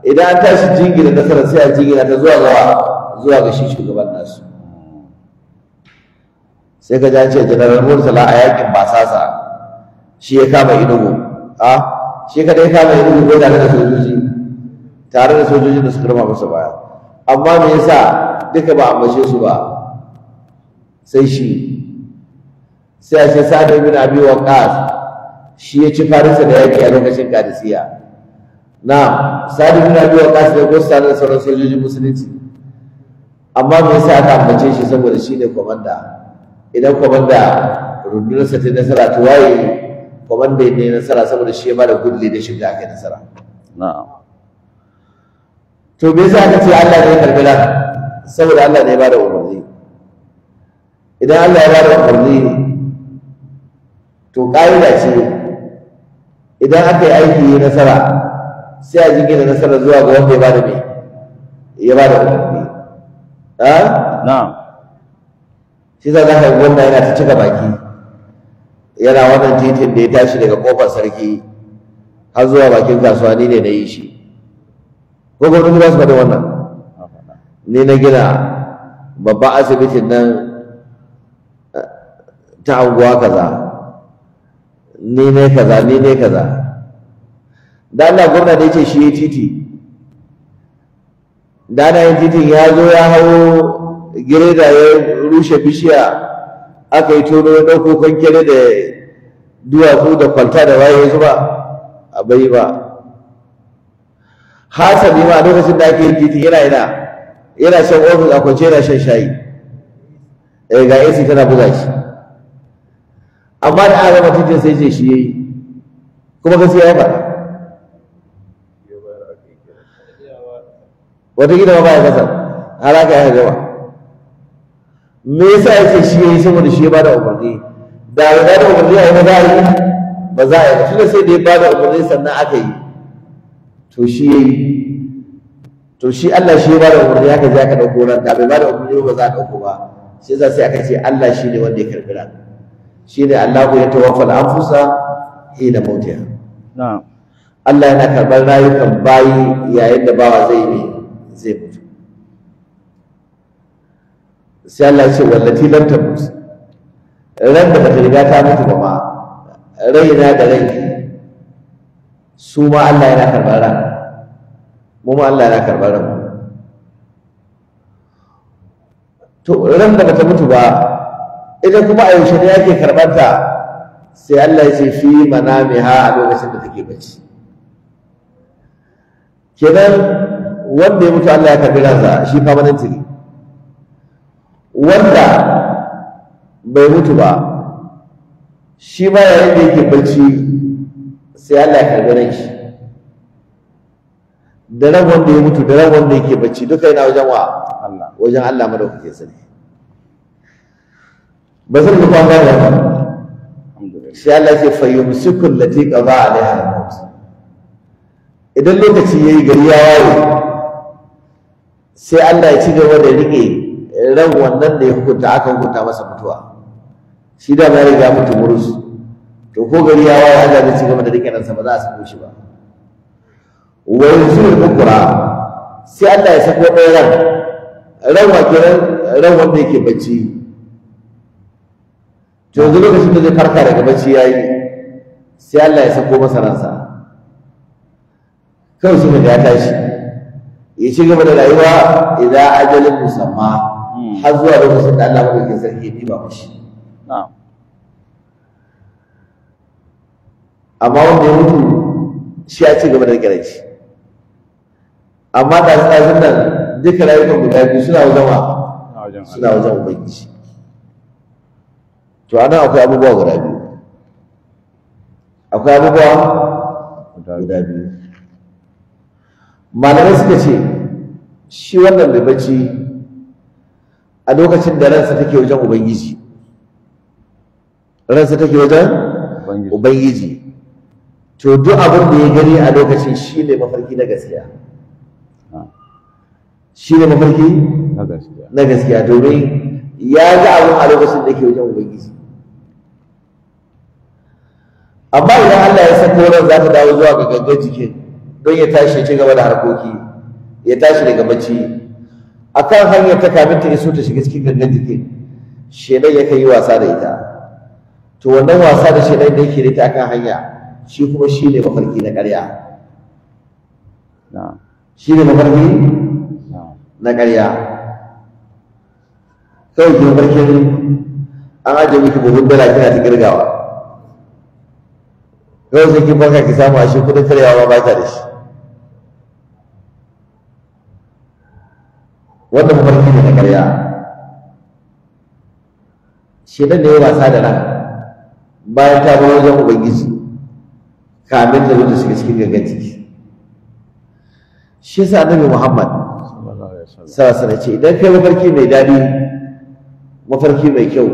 B: idan an tashi jingina nasara sai a jingina ta zuwa gawa zuwa ga shi shugaban nasu sai ka ce Janaral murtala a yakin basasa shi ya kama inugu a ah, shi kadai kama inugu ko da da sojoji tare da sojojin da suka rama masa baya amma me yasa duka ba ambace su ba sai shi sai a ce sa'ad ibn abi waqas shi ya ci farisa da yaki a lokacin kadisiya na sa'ad ibn abi waqas ne ko sa'ad da sauran sojojin musulunci amma me yasa aka ambace shi saboda shi ne komanda idan komanda rundunarsa ta nasara ta waye komanda ne nasara saboda shi ya bada gudu da shiga ake nasara na'am to me yasa aka ce Allah ne ya karbi saboda Allah ne ya bada umarni idan Allah ya bada umarni to ƙa'ida ce idan aka yi aiki yi nasara sai a da nasara zuwa ga wanda ya bada me ya bada umarni ha na shi za ka ga wannan yana ta cika baki yana wannan titin da ya tashi daga kofar sarki har zuwa bakin kasuwa ne ne na yi shi ko gwamnati ba su faɗin wannan ni na gina babba asibitin nan eh, ta anguwa kaza ni ne kaza ni ne kaza da Allah gwamna da yace shi ya titi da na yin titin ya zo ya hau gireda ya rushe bishiya aka yi tono ya ɗauko kankere da duwatsu da kwalta da waye zuba a bai ba ne ma lokacin da ake yin titi yana yana yana shan ofis a kwance yana shan shayi eh ga AC tana buga shi amma da aka gama titin sai ce shi yayi kuma gaskiya ya faɗa wata gida ba ya kasa har aka yi gaba me yasa yake shi yayi saboda shi ya bada umarni da ya bada umarni a yi ba za a yi ba za a yi ba shi ne sai da ya bada umarni sannan aka yi to shi yayi to shi Allah shi ba da umarni haka za ka dauko ran da bai ba da umarni ba za ka dauko ba sai za sai aka ce Allah shi ne wanda ya karbira shi ne Allahu ya tawaffal anfusa hina mautiha na'am Allah yana karɓar rayukan bayi yayin da bawa zai ne zai mutu sai Allah ce wallati lam tamut ran da ta riga ta mutu ba ma raina da ranki su ma Allah yana karɓar ran mu ma Allah yana karɓar ran to ran da bata mutu ba ita kuma a yaushe ne yake karɓar ta sai Allah ya ce fi manamiha a lokacin da take bacci kenan wanda ya mutu Allah ya karɓi ransa shi permanent ne wanda bai mutu ba shi ma yayin da yake bacci sai Allah ya karbi ran shi da ran wanda ya mutu da ran wanda yake bacci duka yana wajen wa Allah. wajen Allah madaukake sani ba zan yi kwan gaba ba sai Allah ce fa yumsiku allati qada alaiha al-maut idan lokaci yayi gari ya waye sai Allah ya ci gaba da rike ran wannan da ya hukunta aka hukunta masa mutuwa shi da ya riga mutu murus to ko gari ya waye Allah zai ci gaba da rike sa ba za a sako shi ba wa yanzu ukra sai Allah ya sako ɗaya ran ran wa ke ran wanda yake bacci to yanzu lokacin da zai farka daga bacci yayi sai Allah ya sako masa ransa kawai shi ya tashi ya ci gaba da rayuwa idan ajalin musamman hmm. har zuwa lokacin da Allah madaukakin sarki ya ɗiba mashi na'am amma wanda ya mutu shi ya ci gaba da rike shi amma da tsazin nan duka rayukan guda biyu suna wajen wa suna wajen ubangiji to anan akwai abubuwa guda biyu akwai abubuwa guda biyu malamai suka ce shi wannan mai bacci a lokacin da ransa take wajen ubangiji ransa take wajen ubangiji to duk abin da ya gani a lokacin shi ne mafarki na gaskiya shi ne mafarki na gaskiya domin ya ga abin a lokacin da ke wajen ubangiji amma idan Allah ya sako ran za ta dawo zuwa ga gangan jikin don ya tashi ya ci gaba da harkoki ya tashi daga bacci kan hanyar ta kamin ta iso ta shiga cikin gangan jikin ya kai yi wasa da ita to wannan wasa da shedan da yake da ita kan hanya shi kuma shi ne mafarki na ƙarya shi ne mafarki na ƙarya kawai ke mafarkin an ajiye miki buhun dala kina ta girgawa kawai sai kin farka ki samu a shi kudin karyawa ba ta da shi wanda mafarki ne na ƙarya shi ne ya wasa da ran bayan ta bar wajen ubangiji kamin da wanda shiga cikin gangan shi yasa annabi Muhammad sallallahu alaihi ce idan kai mafarki mai daɗi mafarki mai kyau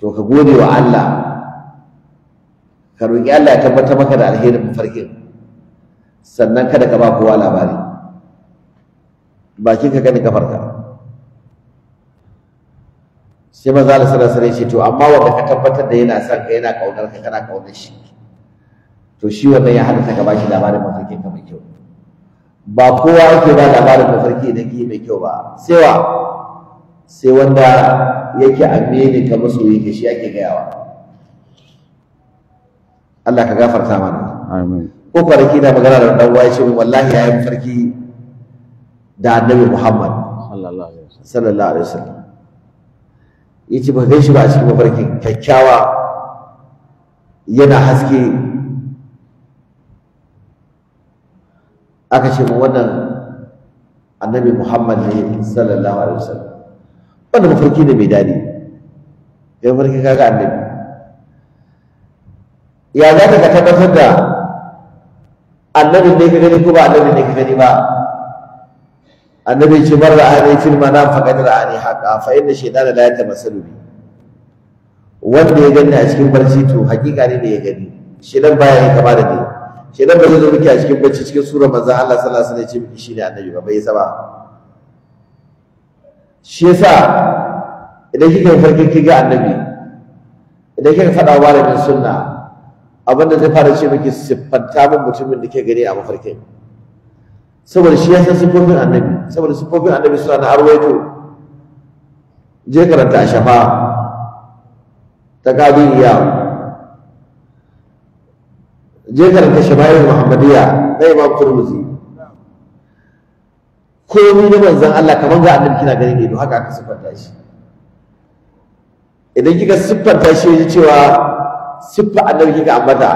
B: to ka gode wa Allah ka roƙi Allah ya tabbatar maka da alherin mafarkin sannan kada ka ba kowa labari bakin ka gani kafarka sai maza da sallallahu alaihi ce to amma wanda ka tabbatar da yana son ka yana kaunar ka kana kaunar shi to shi wannan ya halatta ka bashi labarin mafarkin ka mai kyau ba kowa yake ba labarin mafarki idan ke mai kyau ba sai wa sai wanda yake amini ka musu yake shi ake gayawa Allah ka gafarta mana amin ko farki da magana da dan uwa yace wallahi yayi farki da annabi Muhammad sallallahu alaihi wasallam yace ba gaishe ba a cikin mafarkin kyakkyawa yana haske aka ce mu wannan annabi Muhammad ne sallallahu alaihi wasallam wannan mafarki ne mai dadi ya mafarki kaga annabi ya za ka tabbatar da annabin ne ka gani ko ba annabin ne ka gani ba annabi ce bar da ahli fil manam faqad ra'ani haqa fa inna shaytana la yatamassalu bi wanda ya gani a cikin barci to hakika ne da ya gani shedan baya yi kama da ni shedan ba zai zo muke a cikin bacci cikin sura manzan Allah sallallahu alaihi wasallam shi ne miki annabi ba bai shi yasa idan kika farkin kiga annabi idan kika fada malamin sunna abin da zai fara ce miki siffanta min mutumin da ke gani a mafarkin saboda shi ya san siffofin annabi saboda siffofin annabi suna na arwaito je karanta a shafa ta kadiriya je ta shabayi muhammadiyya na imam turmuzi komi na manzan Allah kamar ga annabi kina ganin ido haka aka siffanta shi idan kika siffanta shi yaji cewa siffa annabi kika ambata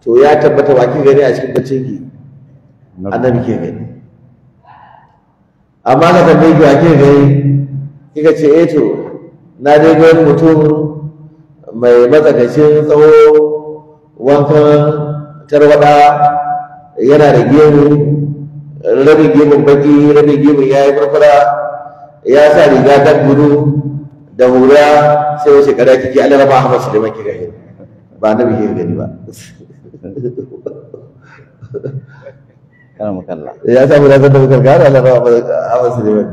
B: to ya tabbata ba kika gani a cikin baccin ki annabi kika gani
A: amma ka tambaye ki wa kika
B: gani kika ce eh to na dai ga mutum mai matsakaicin tsawo wankan tarwada yana da gemu rabin gemun baki rabin gemun ya yi farfara ya sa riga ta gudu da hura sai wace kada kike Allah raba Ahmad Suleiman ki gani ba na ke gani ba ya sa mura da mukalla gara Allah raba Ahmad Suleiman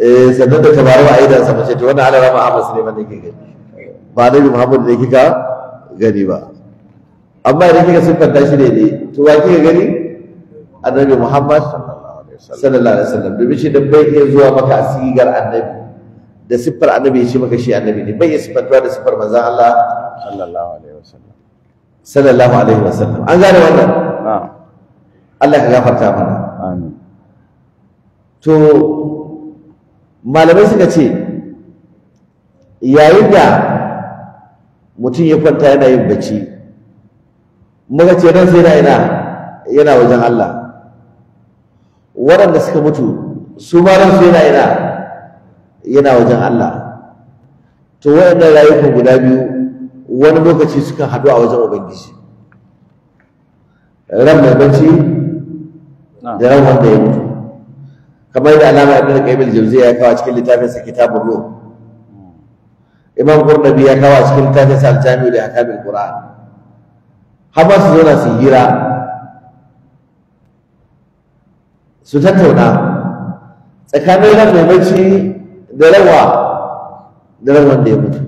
B: eh sannan da tabaru a yi da mace to wannan Allah raba Ahmad Suleiman ne ke gani ba nabi Muhammad ke kika gani ba amma idan kika siffanta shi daidai to wa kika gani annabi muhammad sallallahu alaihi wasallam domin shi dan bai iya zuwa maka asigar annabi da siffar annabi ya ce maka shi annabi ne bai iya siffantuwa da siffar manzon Allah sallallahu alaihi wasallam sallallahu alaihi wasallam an gane wannan Allah ka gafarta mana amin to malamai suka ce yayin da mutum ya kwanta yana yin bacci muka ce nan sai na ina yana wajen Allah waɗanda suka mutu su ma nan sai na ina yana wajen Allah to waɗannan rayukan guda biyu wani lokaci suka haɗu a wajen Ubangiji ran mai bacci
A: da ran wanda ya mutu
B: kamar da alama ibn qayyim al-jawziyya ya kawo cikin littafin sa kitabur ruh hmm. imam qurnabi ya kawo cikin littafin sa al-jami' li ahkam quran har ma su zauna su hira su tattauna tsakanin ran mai bacci da rawa da ran wanda ya mutu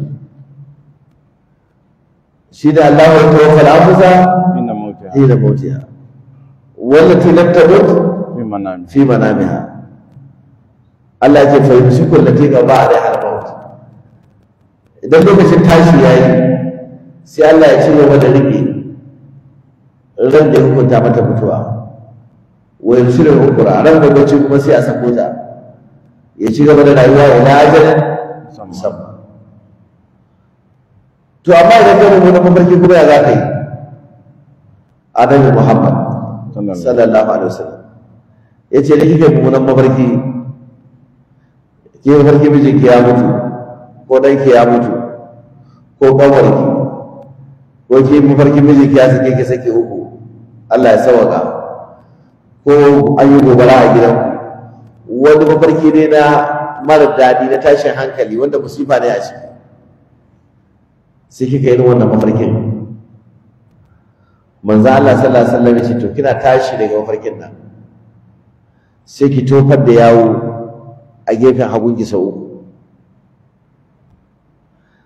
B: shi da Allah wa tawaffa al-anfusa hina mautiha
A: wallati lam tamut
B: fi manamiha Allah ya ce fa yumsiku allati a da har maut idan lokacin tashi yayi sai Allah ya ci wa da rubi ran da hukunta mata mutuwa Wai wa hukura a ran da kuma sai a sako ta ya ci gaba da rayuwa ya ajalin sam. to amma idan ka rubuta mafarki kuma ya za ka yi annabi muhammad sallallahu alaihi wasallam ya ce da kike mummunan mafarki ke mafarki mijinki ya mutu ko ki ya mutu ko ƙanwarki ko ke mafarki mijinki ya sake ki sake uku Allah ya sawaka ko an yi gobara a gidan wani mafarki ne na mara daɗi na tashin hankali wanda musifa ne a ciki sai kika yi wannan mafarkin manzo Allah sallallahu alaihi wasallam yace to kina tashi daga mafarkin nan sai ki tofar da yawo a gefen hagun ki sau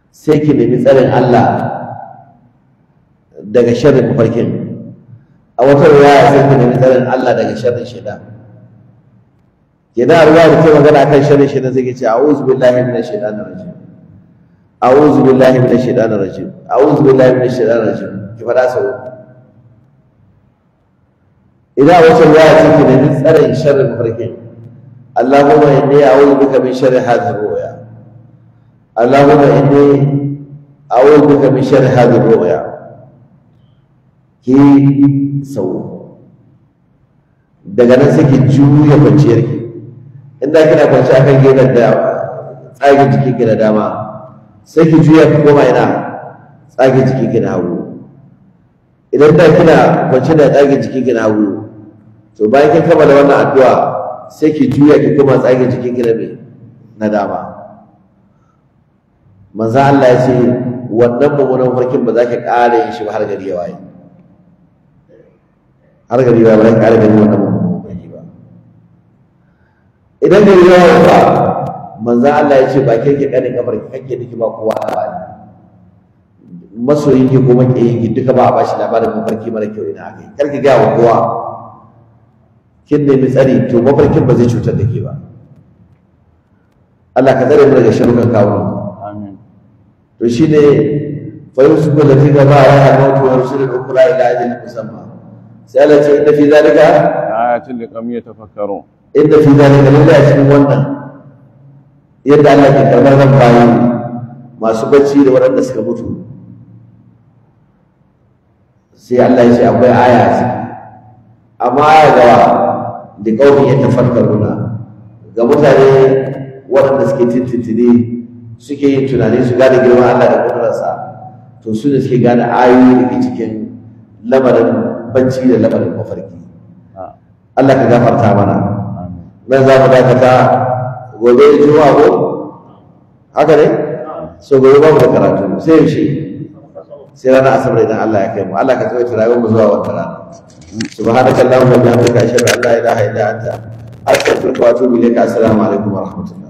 B: sai ki nemi tsarin Allah daga sharrin mafarkin a wata riwaya sai ka nemi tsarin Allah daga sharrin shaitan kenan a riwaya da ke magana kan sharrin shaitan sai ka ce a'udhu billahi minash shaitanir rajim a'udhu billahi minash shaitanir rajim a'udhu billahi minash shaitanir rajim ki fada sau idan a wata riwaya sai ka nemi tsarin sharrin mafarkin Allahumma inni a'udhu bika min sharri hadhihi ru'ya Allahumma inni a'udhu bika min sharri hadhihi ru'ya ke sau daga nan sai ki juya kwanciyar ki inda kina kwanci akan gefen da tsage jikin ki na dama sai ki juya ki koma ina tsage jikin ki na hagu idan da kina kwanci da tsage jikin ki na hagu to bayan kin kammala wannan addu'a sai ki juya ki koma tsage jikin ki na me na dama manzo Allah ya ce wannan mummunan farkin ba za ki ƙara yin shi ba har gari ya waye har gari ba bari kare gari wannan mummuni ba idan gari ya wafa manzan Allah ya ce ba ke ke kanin kamar kake dake ba kowa a ba masoyin ki ko makiyin ki duka ba a bashi labarin mafarki mara kyau ina akai kar ki ga wa kowa kin nemi tsari to mafarkin ba zai cutar da ke ba Allah ka tsare mu daga sharukan kawo amin to shine fa yusbu lati gaba ya mautu wa rusul ukra ila ajal musamma sai Allah ce inda fi zalika
A: ayatul liqam yatafakkarun
B: inda fi zalika lalle a cikin wannan yadda Allah ke karbar ran bayi masu bacci da waɗanda suka mutu sai Allah ya ce akwai aya a ciki amma aya gawa da kaumin yatafakkaruna ga mutane waɗanda suke tintintini suke yin tunani su gane girman Allah da kudurarsa to su ne suke gane ayoyi da cikin lamarin bacci da lamarin mafarki ah. Allah ka gafarta mana nan za mu dakata gobe juma'a ko haka ne so gobe ba mu da karatu sai shi sai ranar asabar idan Allah ya kai mu Allah ka tsawaita rayuwar mu zuwa wata rana subhanaka allahumma wa bihamdika ashhadu an la ilaha illa anta astaghfiruka wa atubu ilayka assalamu alaikum wa rahmatullah